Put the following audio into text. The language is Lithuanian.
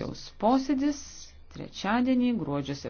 Vėlus posėdis trečiadienį gruodžio 7.